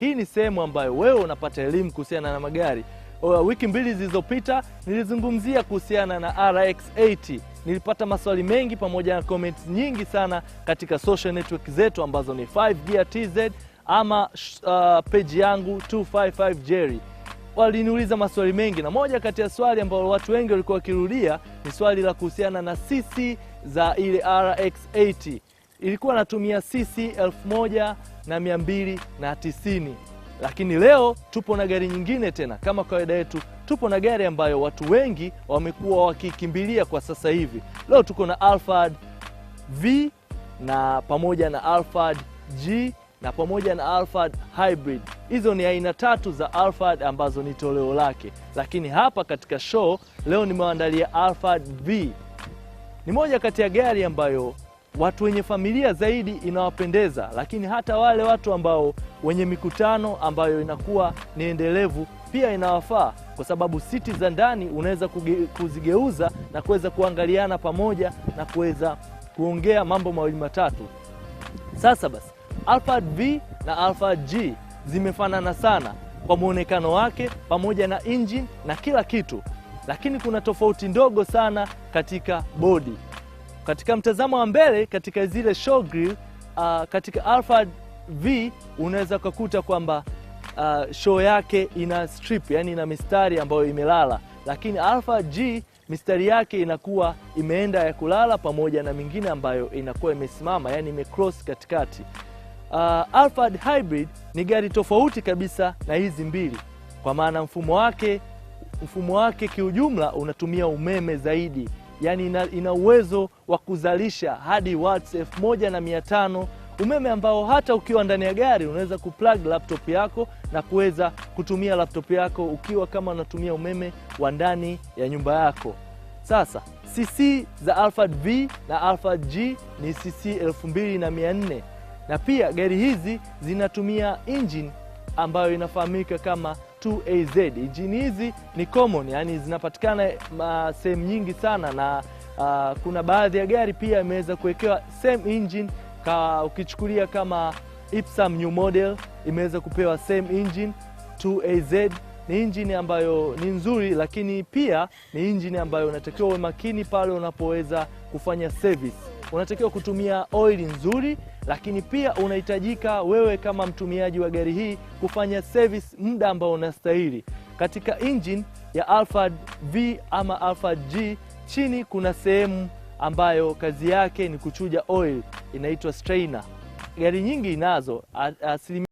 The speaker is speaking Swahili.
Hii ni sehemu ambayo wewe unapata elimu kuhusiana na magari. Wiki mbili zilizopita nilizungumzia kuhusiana na RX80. Nilipata maswali mengi pamoja na comments nyingi sana katika social network zetu ambazo ni 5 Gear TZ ama uh, page yangu 255 Jerry. Waliniuliza maswali mengi, na moja kati ya swali ambalo watu wengi walikuwa wakirudia ni swali la kuhusiana na sisi za ile RX80 ilikuwa natumia sisi elfu moja na mia mbili na tisini lakini leo tupo na gari nyingine tena. Kama kawaida yetu, tupo na gari ambayo watu wengi wamekuwa wakikimbilia kwa sasa hivi. Leo tuko na alfad V na pamoja na alfad G na pamoja na alfad Hybrid. Hizo ni aina tatu za alfad ambazo ni toleo lake, lakini hapa katika show leo nimewandalia alfad V. Ni moja kati ya gari ambayo watu wenye familia zaidi inawapendeza, lakini hata wale watu ambao wenye mikutano ambayo inakuwa ni endelevu pia inawafaa, kwa sababu siti za ndani unaweza kuzigeuza na kuweza kuangaliana pamoja na kuweza kuongea mambo mawili matatu. Sasa basi, Alphard V na Alphard G zimefanana sana kwa mwonekano wake pamoja na engine na kila kitu, lakini kuna tofauti ndogo sana katika bodi. Katika mtazamo wa mbele katika zile show grill uh, katika alpha V unaweza ukakuta kwamba uh, show yake ina strip, yani ina mistari ambayo imelala, lakini alpha G mistari yake inakuwa imeenda ya kulala pamoja na mingine ambayo inakuwa imesimama, yani imecross katikati. Uh, alpha Hybrid ni gari tofauti kabisa na hizi mbili kwa maana mfumo wake mfumo wake kiujumla unatumia umeme zaidi yani ina, ina uwezo wa kuzalisha hadi watts elfu moja na mia tano umeme ambao hata ukiwa ndani ya gari unaweza kuplug laptop yako na kuweza kutumia laptop yako ukiwa kama unatumia umeme wa ndani ya nyumba yako. Sasa CC za Alphard V na Alphard G ni CC 2400 na pia gari hizi zinatumia engine ambayo inafahamika kama 2AZ. Injini hizi ni common, yani zinapatikana uh, sehemu nyingi sana na uh, kuna baadhi ya gari pia imeweza kuwekewa same engine ka, ukichukulia kama Ipsum new model imeweza kupewa same engine 2AZ. Ni injini ambayo ni nzuri, lakini pia ni injini ambayo unatakiwa uwe makini pale unapoweza kufanya service unatakiwa kutumia oili nzuri, lakini pia unahitajika wewe kama mtumiaji wa gari hii kufanya service muda ambao unastahili. Katika engine ya Alphard V ama Alphard G chini kuna sehemu ambayo kazi yake ni kuchuja oil inaitwa strainer. Gari nyingi inazo asilimia